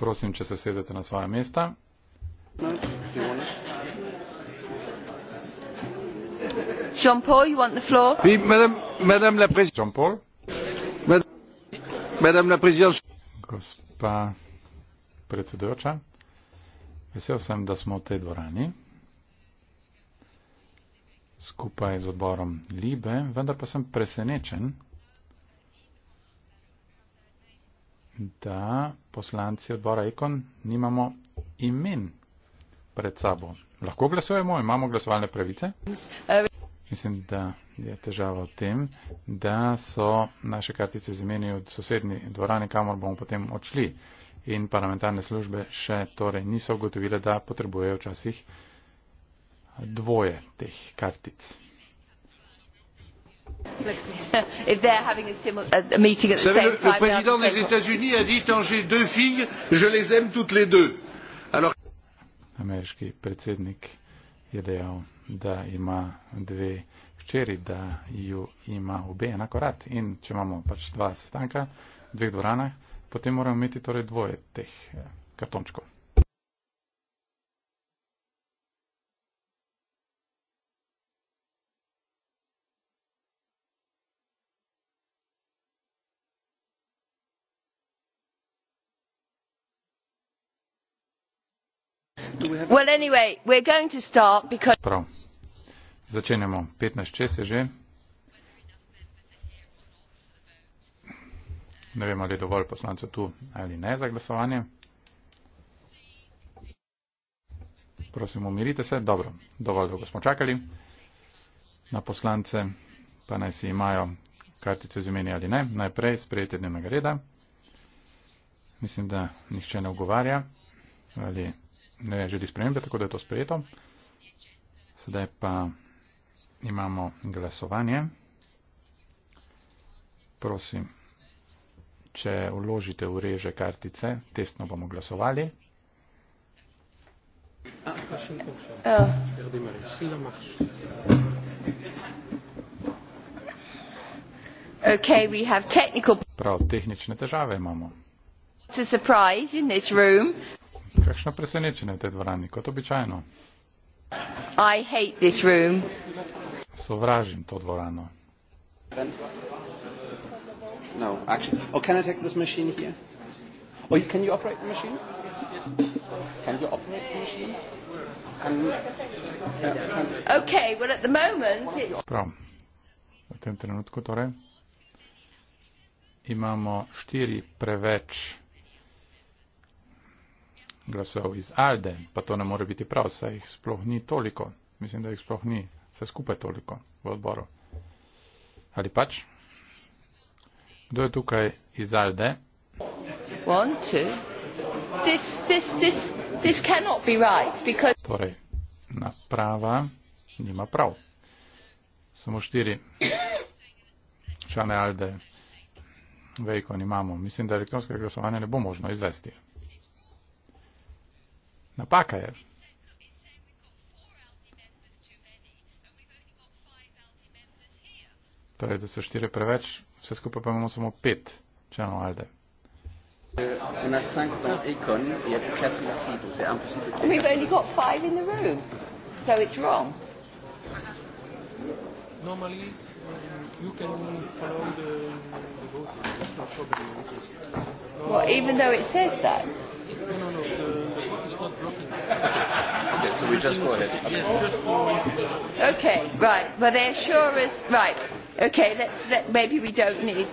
prosim če se sedete na svoja mesta Jean Paul, you want the floor? Oui, madame, madame la présidente. Jean Paul. Madame, madame la présidente. Gospa predsedujoča, vesel sem, da smo v tej dvorani skupaj z odborom Libe, vendar pa sem presenečen, da poslanci odbora Ekon nimamo imen pred sabo. Lahko glasujemo, imamo glasovalne pravice. Mislim, da je težava v tem, da so naše kartice z imeni od sosednje dvorane, kamor bomo potem odšli. In parlamentarne službe še torej niso ugotovile, da potrebujejo včasih dvoje teh kartic. vous savez le président des états unis a dit quand j'ai deux filles je les aime toutes les deux. Alors... ameriški predsednik je dejal da ima dve hčeri da ju ima obe enako rad in če imamo pač dva sestanka dveh dvoranah potem moramo imeti torej dvoje teh eh, kartončkov. prav začenjamo petnajst čez je že ne vem ali je dovolj poslancev tu ali ne za glasovanje prosim umirite se dobro dovolj dolgo smo čakali na poslance pa naj si imajo kartice z imeni ali ne najprej sprejete dnevnega reda mislim da nihče ne ugovarja ali ne želi spremembe, tako da je to sprejeto. Sedaj pa imamo glasovanje. Prosim, če vložite v reže kartice, testno bomo glasovali. Ah. Okay, we have technical... Prav, tehnične težave imamo. It's a surprise in this room. Kakšno presenečenje v tej dvorani, kot običajno. Sovražim to dvorano. No, actually, oh, can I take this machine here? Oh, can you operate the machine? Can, uh, can okay, well, at the moment it's. Prav. V tem trenutku torej imamo štiri preveč glasov iz Alde, pa to ne more biti prav, saj jih sploh ni toliko. Mislim, da jih sploh ni vse skupaj toliko v odboru. Ali pač? Kdo je tukaj iz Alde? This, this, this, this be right because... Torej, naprava nima prav. Samo štiri člane Alde. Vejko nimamo. Mislim, da elektronskega glasovanja ne bo možno izvesti. Napaka je. Torej, da so štiri preveč, vse skupaj pa imamo samo pet članov Alde. Um, well, even though it says that. No, no, no. The, not broken. okay, so we just go ahead. Okay. okay, right. Well, there sure is. Right. Okay, let's, let, maybe we don't need.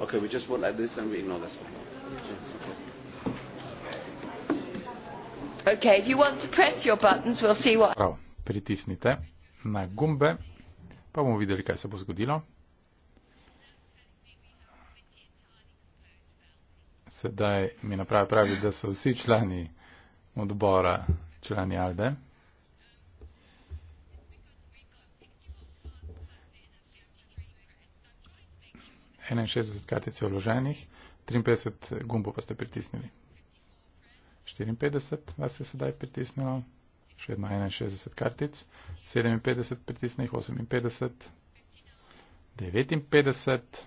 Okay, we just vote like this and we ignore this one. Okay, if you want to press your buttons, we'll see what... Prav, pritisnite na gumbe, pa bomo videli, kaj se bo zgodilo. sedaj mi napravi pravi, da so vsi člani odbora člani Alde. enajstdeset kartic je vloženih, triinpetdeset gumbov pa ste pritisnili. Štiriinpetdeset vas je sedaj pritisnilo, še vedno enajstdeset kartic, sedeminpetdeset pritisnih, oseminpetdeset, devetinpetdeset.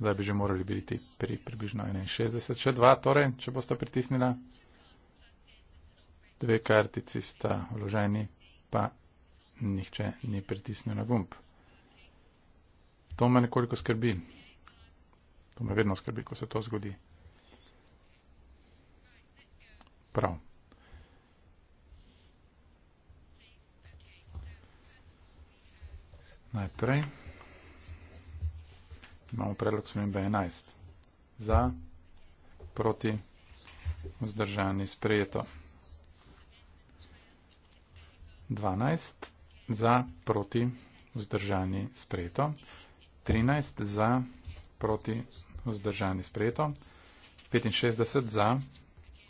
zdaj bi že morali biti pri približno 61, še dva, torej, če boste pritisnila. Dve kartici sta vloženi, pa nihče ni pritisnil na gumb. To me nekoliko skrbi. To me vedno skrbi, ko se to zgodi. Prav. Najprej. Imamo predlog smembe 11. Za, proti, vzdržani, sprejeto. 12. Za, proti, vzdržani, sprejeto. 13. Za, proti, vzdržani, sprejeto. 65. Za,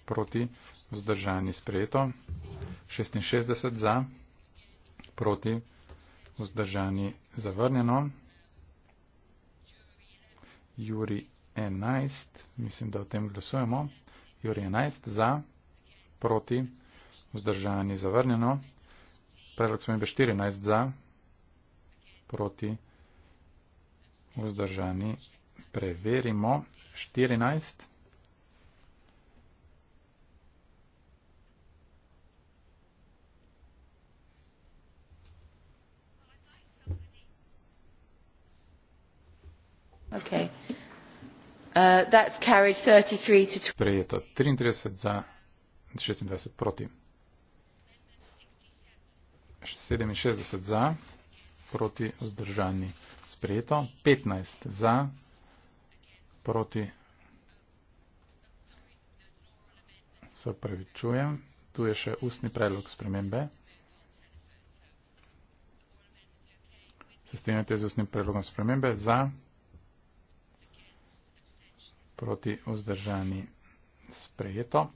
proti, vzdržani, sprejeto. 66. Za, proti, vzdržani, zavrnjeno. Juri 11, mislim, da o tem glasujemo. Juri 11 za, proti, vzdržani zavrnjeno. Predlog smo imeli 14 za, proti, vzdržani preverimo. 14. Uh, Sprejeto 33 za 26 proti. 67 za proti vzdržani. Sprejeto 15 za proti. Se opravičujem. Tu je še ustni predlog spremembe. Se strinjate z ustnim predlogom spremembe za proti vzdržani sprejeto.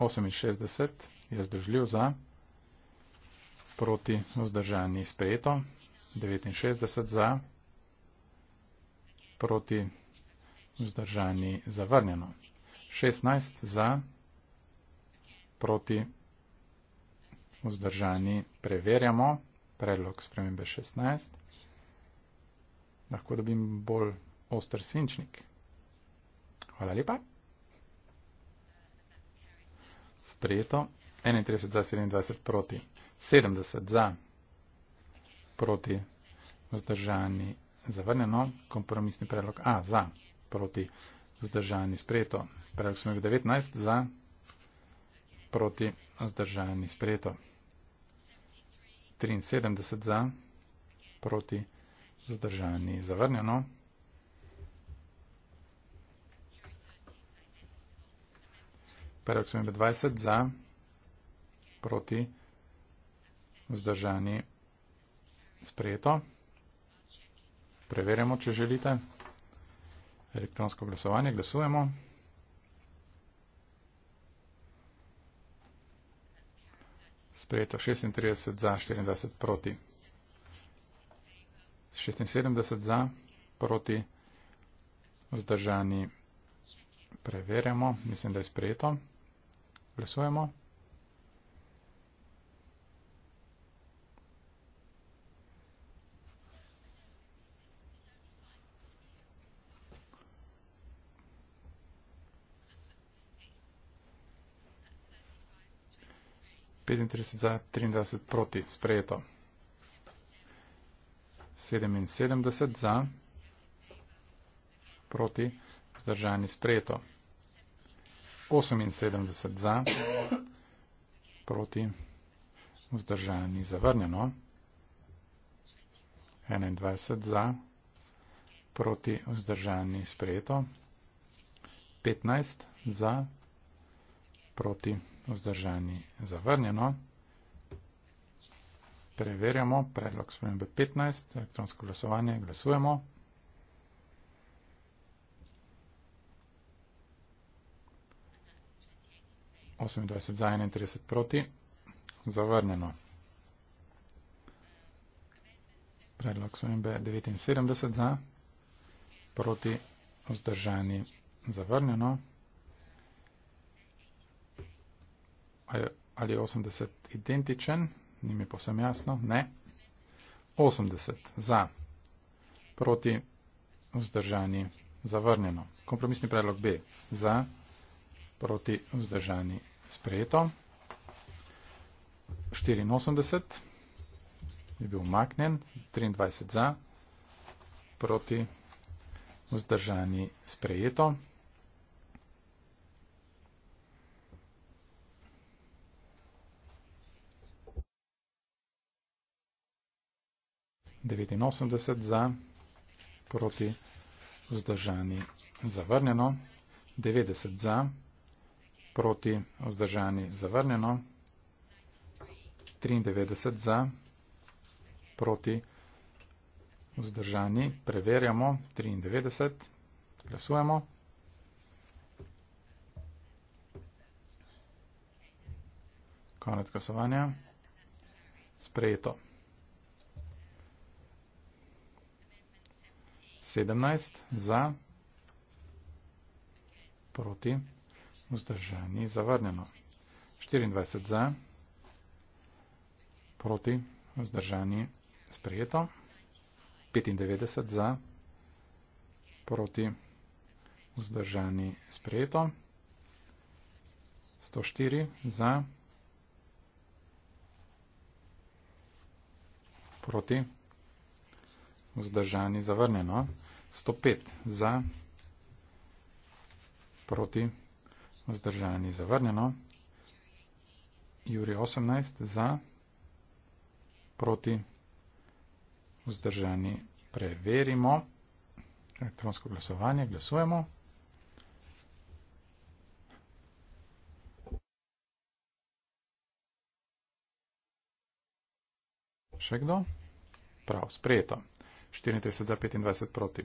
68 je združljiv za proti vzdržani sprejeto. 69 za proti vzdržani zavrnjeno. 16 za proti vzdržani preverjamo. Predlog spremembe 16. Lahko dobim bolj oster sinčnik. Hvala lepa. Sprejeto. 31 za 27 proti. 70 za proti. Vzdržani zavrnjeno. Kompromisni predlog A za proti. Vzdržani sprejeto. Predlog smo 19 za proti. Vzdržani sprejeto. 73 za proti. Zdržani zavrnjeno. Predlog sem 20 za, proti, vzdržani, sprejeto. Preverjamo, če želite. Elektronsko glasovanje, glasujemo. Sprejeto 36 za, 24 proti. 76 za, proti, vzdržani, preverjamo. Mislim, da je sprejeto. Glasujemo. za 23 proti sprejeto 77 za proti zdržani sprejeto 78 za, proti, vzdržani, zavrnjeno, 21 za, proti, vzdržani, sprejeto, 15 za, proti, vzdržani, zavrnjeno. Preverjamo predlog spremembe 15, elektronsko glasovanje, glasujemo. 28 za 31 proti. Zavrnjeno. Predlog sojenbe 79 za, proti vzdržani zavrnjeno. Ali je 80 identičen? Ni mi posem jasno. Ne. 80 za, proti vzdržani zavrnjeno. Kompromisni predlog B za, proti vzdržani zavrnjeno sprejeto. 84 je bil umaknen, 23 za, proti vzdržani sprejeto. devetinosemdeset za proti vzdržani zavrnjeno devetdeset za proti, vzdržani, zavrnjeno, 93 za, proti, vzdržani, preverjamo, 93, glasujemo. Konec glasovanja, sprejeto. 17 za, proti, vzdržani vzdržani, zavrnjeno. 24 za, proti, vzdržani, sprejeto. 95 za, proti, vzdržani, sprejeto. 104 za, proti, vzdržani, zavrnjeno. 105 za, proti, vzdržani, sprejeto vzdržani zavrnjeno. Juri 18 za, proti, vzdržani preverimo. Elektronsko glasovanje, glasujemo. Še kdo? Prav, sprejeto. 34 za, 25 proti.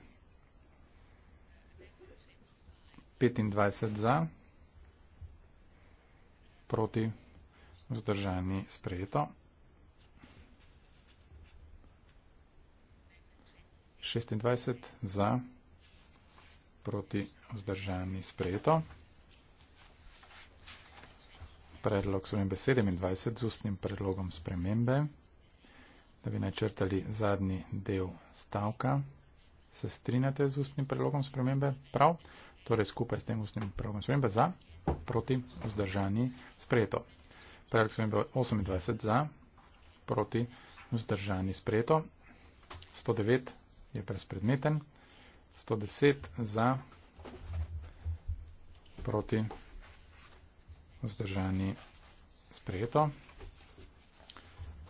25 za proti vzdržani sprejeto. 26 za proti vzdržani sprejeto. Predlog spremembe 27 z ustnim predlogom spremembe, da bi načrtali zadnji del stavka. Se strinjate z ustnim predlogom spremembe? Prav torej skupaj s tem ustnim pravom spremembe za, proti, vzdržani, sprejeto. Predlog spremembe 28 za, proti, vzdržani, sprejeto. 109 je prespredmeten. 110 za, proti, vzdržani, sprejeto.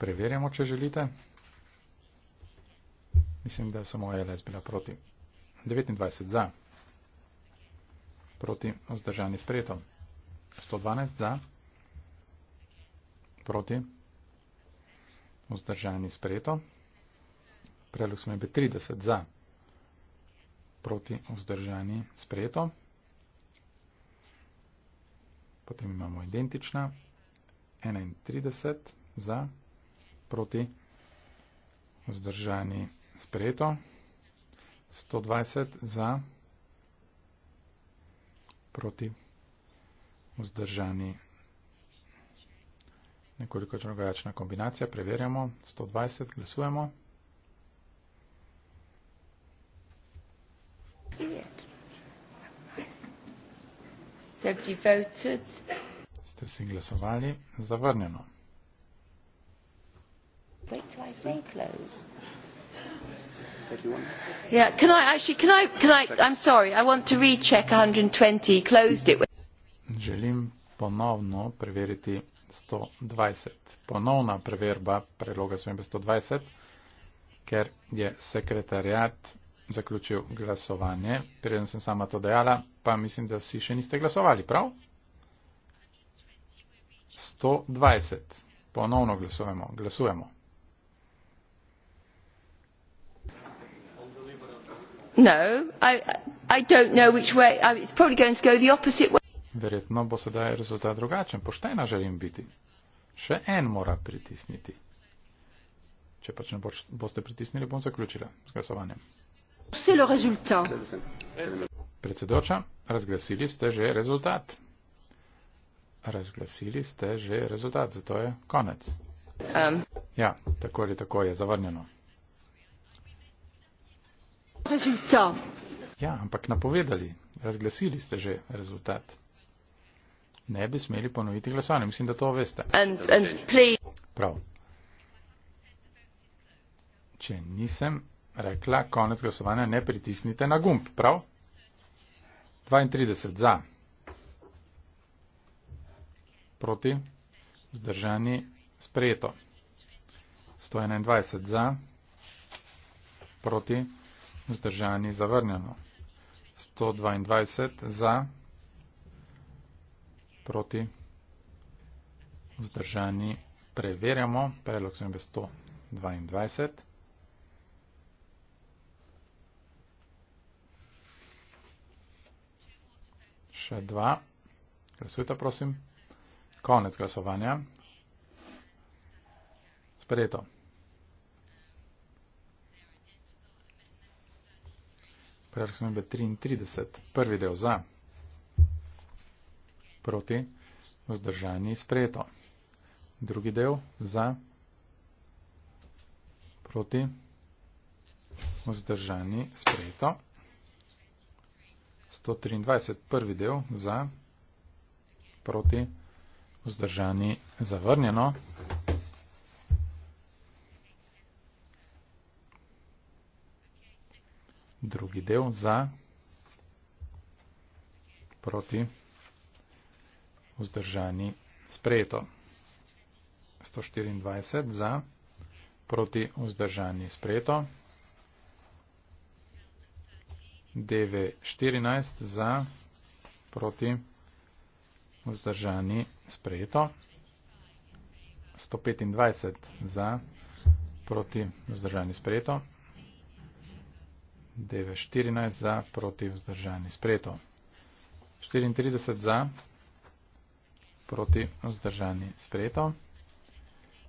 Preverjamo, če želite. Mislim, da je samo LS bila proti. 29 za proti vzdržani sprejeto. 112 za, proti vzdržani sprejeto. Predlog smo imeli 30 za, proti vzdržani sprejeto. Potem imamo identična, 31 za, proti vzdržani sprejeto. 120 za, proti vzdržani sprejeto proti vzdržani. Nekoliko drugačna kombinacija, preverjamo, 120, glasujemo. Ste vsi glasovali? Zavrnjeno. Wait till I say close. Želim ponovno preveriti 120. Ponovna preverba predloga spremembe 120, ker je sekretarjat zaključil glasovanje. Preden sem sama to dejala, pa mislim, da vsi še niste glasovali, prav? 120. Ponovno glasujemo. Glasujemo. no i don't know which way it's probably going to go the opposite way verjetno bo sedaj rezultat drugačen poštena želim biti še en mora pritisniti če pač ne boste pritisnili bom zaključila z glasovanjem le resultat predsedoča razglasili ste že rezultat razglasili ste že rezultat zato je konec um. ja tako ali tako je zavrnjeno rezultat. Ja, ampak napovedali, razglasili ste že rezultat. Ne bi smeli ponoviti glasovanje, mislim, da to veste. And, and Prav. Če nisem rekla konec glasovanja, ne pritisnite na gumb. Prav? 32 za. Proti. Zdržani. Sprejeto. 121 za. Proti vzdržani zavrnjeno. 122 za, proti, vzdržani preverjamo, predlog sem bez 122. Še dva. Glasujte, prosim. Konec glasovanja. Sprejeto. Predlog spremembe 33. Prvi del za. Proti. Vzdržani sprejeto. Drugi del za. Proti. Vzdržani sprejeto. 123. Prvi del za. Proti. Vzdržani zavrnjeno. drugi del za, proti, vzdržani, sprejeto. 124 za, proti, vzdržani, sprejeto. DV14 za, proti, vzdržani, sprejeto. 125 za, proti, vzdržani, sprejeto. DV14 za proti vzdržani spreto. 34 za proti vzdržani spreto.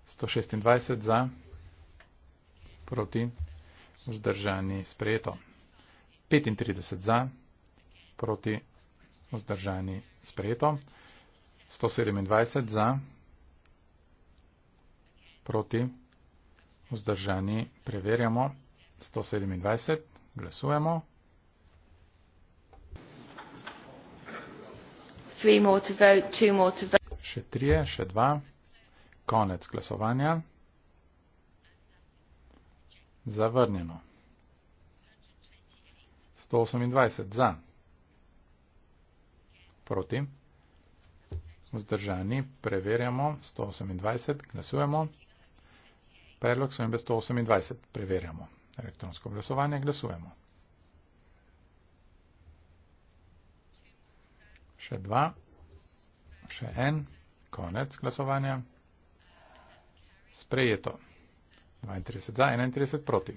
126 za proti vzdržani spreto. 35 za proti vzdržani spreto. 127 za proti vzdržani preverjamo. 127 Glasujemo. Še trije, še dva. Konec glasovanja. Zavrnjeno. 128 za. Proti. Vzdržani. Preverjamo. 128. Glasujemo. Predlog so imbe 128. Preverjamo elektronsko glasovanje. Glasujemo. Še dva, še en, konec glasovanja. Sprejeto. 32 za, 31 proti.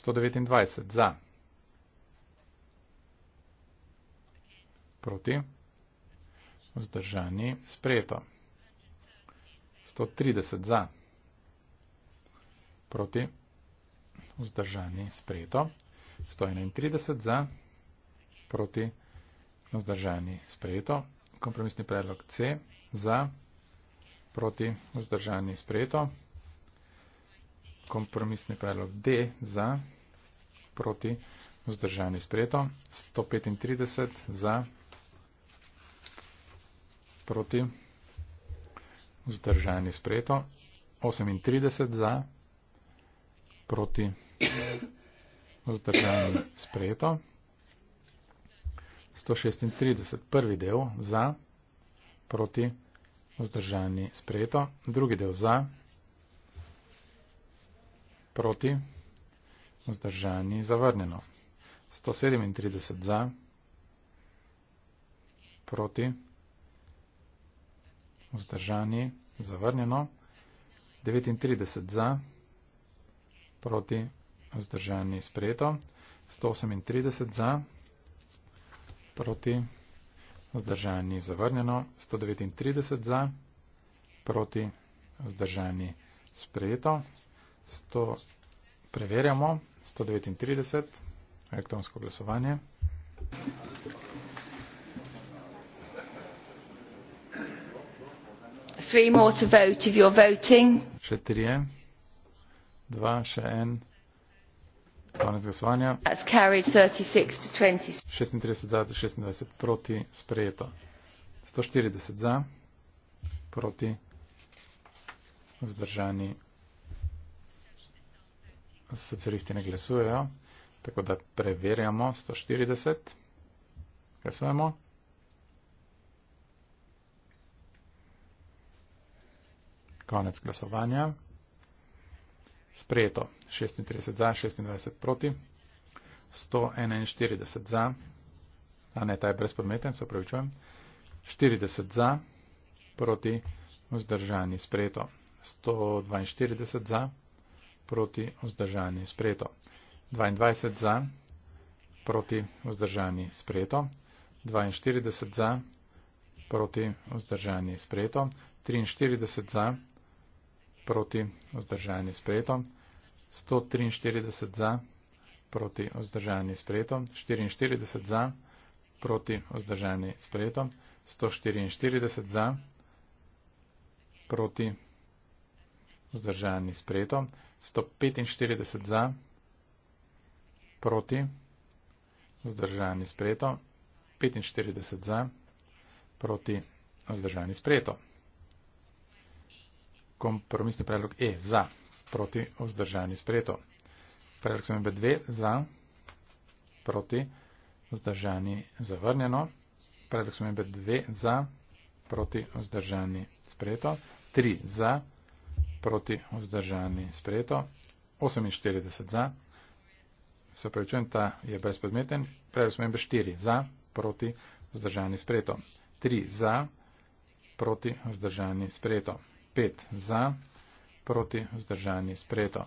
129 za. Proti. Vzdržani. Sprejeto. 130 za proti vzdržani sprejeto. 131 za proti vzdržani sprejeto. Kompromisni predlog C za proti vzdržani sprejeto. Kompromisni predlog D za proti vzdržani sprejeto. 135 za proti vzdržani sprejeto. 38 za proti vzdržani sprejeto proti vzdržanju sprejeto. 136. Prvi del za, proti vzdržanju sprejeto. Drugi del za, proti vzdržanju zavrnjeno. 137 za, proti vzdržanju zavrnjeno. 39 za, proti vzdržanju zavrnjeno proti vzdržani sprejeto, 138 za, proti vzdržani zavrnjeno, 139 za, proti vzdržani sprejeto, 100 preverjamo, 139 elektronsko glasovanje. Three more to vote if you're voting. Še trije dva, še en. Konec glasovanja. 36 za, 26 proti, sprejeto. 140 za, proti, vzdržani. Socialisti ne glasujejo, tako da preverjamo 140. Glasujemo. Konec glasovanja. Sprejeto 36 za, 26 proti, 141 za, a ne, ta je brezpodmeten, se upravičujem, 40 za, proti, vzdržani, sprejeto, 142 za, proti, vzdržani, sprejeto, 22 za, proti, vzdržani, sprejeto, 42 za, proti, vzdržani, sprejeto, 43 za, proti, vzdržani, sprejeto, proti vzdržanje spretom, 143 za proti vzdržanje spretom, 44 za proti vzdržanje spretom, 144 za proti vzdržanje spretom, 145 za proti vzdržanje spretom, 45 za proti vzdržanje spretom kompromisni predlog E za, proti vzdržani sprejeto. Predlog sem 2 za, proti vzdržani zavrnjeno. Predlog sem 2 za, proti vzdržani sprejeto. 3 za, proti vzdržani sprejeto. 48 za. Se prevečujem, ta je brezpodmeten. Predlog sem 4 za, proti vzdržani sprejeto. 3 za, proti vzdržani sprejeto. 5 za, proti vzdržanje spreto.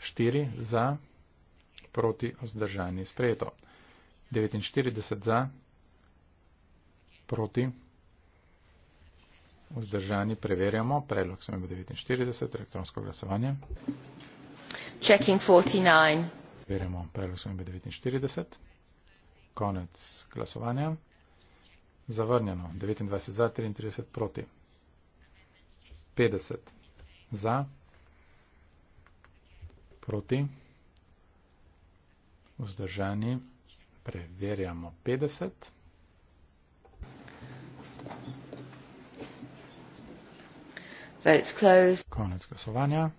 4 za, proti vzdržanje spreto. 49 za, proti vzdržanje preverjamo. Predlog sem imel 49, elektronsko glasovanje. Checking 49. Preverjamo, predlog sem imel 49. Konec glasovanja. Zavrnjeno. 29 za, 33 proti. 50 za, proti, vzdržani, preverjamo 50. Konec glasovanja.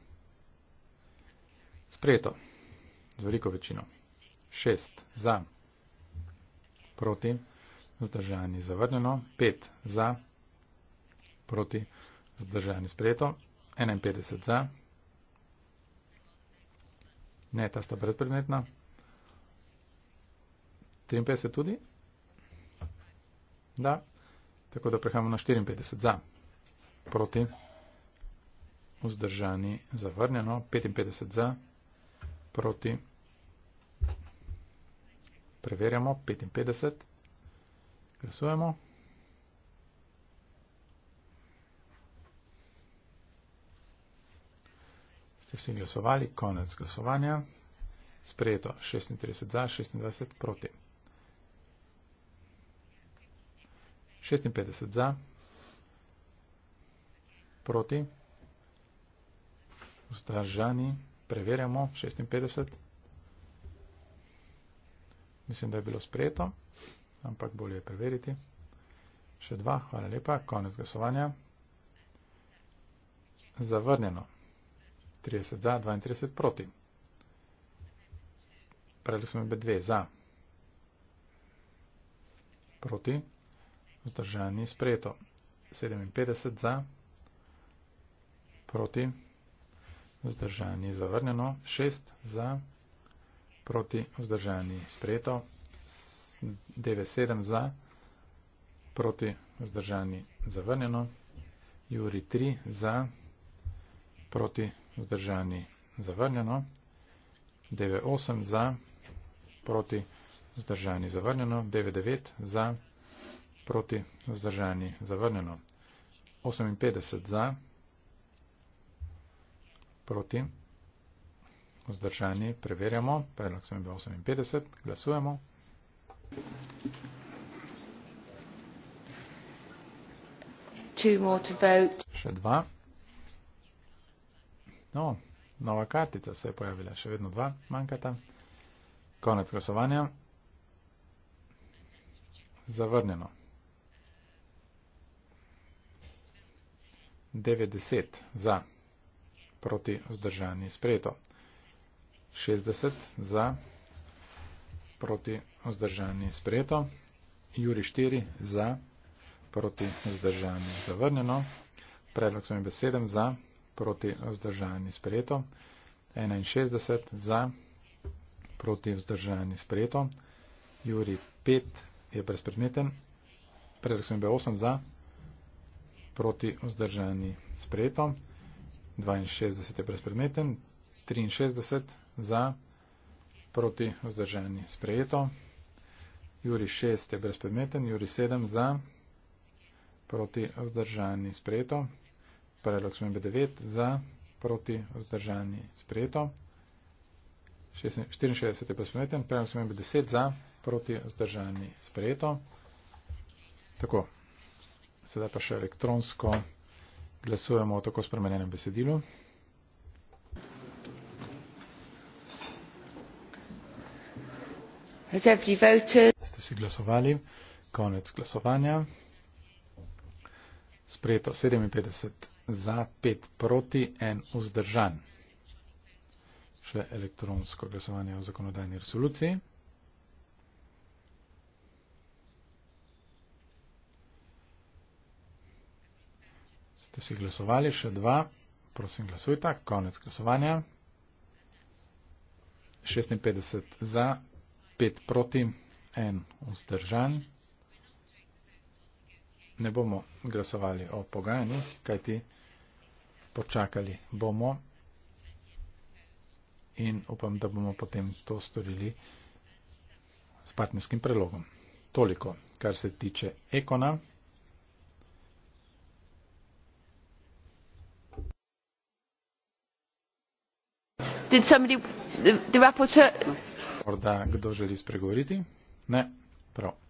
Sprejeto. Z veliko večino. 6 za, proti, vzdržani, zavrnjeno, 5 za, proti, vzdržani. Zdržani spreto. 51 za. Ne, ta sta predpredmetna. 53 tudi. Da. Tako da prehajamo na 54 za. Proti. Vzdržani zavrnjeno. 55 za. Proti. Preverjamo. 55. Glasujemo. Ste vsi glasovali, konec glasovanja. Sprejeto 36 za, 26 proti. 56 za, proti, vzdržani, preverjamo, 56. Mislim, da je bilo sprejeto, ampak bolje je preveriti. Še dva, hvala lepa, konec glasovanja. Zavrnjeno. 30 za, 32 proti. Predlog smo imeli dve za, proti, vzdržani sprejeto. 57 za, proti, vzdržani zavrnjeno. 6 za, proti, vzdržani sprejeto. 97 za, proti, vzdržani zavrnjeno. Juri 3 za, proti, vzdržani zavrnjeno, 98 za, proti vzdržani zavrnjeno, 99 za, proti vzdržani zavrnjeno, 58 za, proti vzdržani preverjamo, predlog sem bil 58, glasujemo. Two more to vote. Še dva. No, nova kartica se je pojavila, še vedno dva manjkata. Konec glasovanja. Zavrnjeno. 90 za proti vzdržani sprejeto. 60 za proti vzdržani sprejeto. Juri 4 za proti vzdržani zavrnjeno. Predlog sem je besedem za proti vzdržanju spreto, 61 za proti vzdržanju spreto, Juri 5 je brezpredmeten, predlog sem bil 8 za proti vzdržanju spreto, 62 je brezpredmeten, 63 za proti vzdržanju spreto, Juri 6 je brezpredmeten, Juri 7 za proti vzdržanju spreto, predlog smembe 9 za proti vzdržanji sprejeto. 64 je pa smeten, predlog smembe 10 za proti vzdržanji sprejeto. Tako, sedaj pa še elektronsko glasujemo o tako spremenjenem besedilu. Ste si glasovali? Konec glasovanja. Sprejeto 57 za, 5 proti, 1 vzdržan. Še elektronsko glasovanje o zakonodajni resoluciji. Ste si glasovali, še dva, prosim glasujta, konec glasovanja. 56 za, 5 proti, 1 vzdržan ne bomo glasovali o pogajanjih, kajti počakali bomo in upam, da bomo potem to storili s partnerskim prelogom. Toliko, kar se tiče ekona. Morda kdo želi spregovoriti? Ne, prav.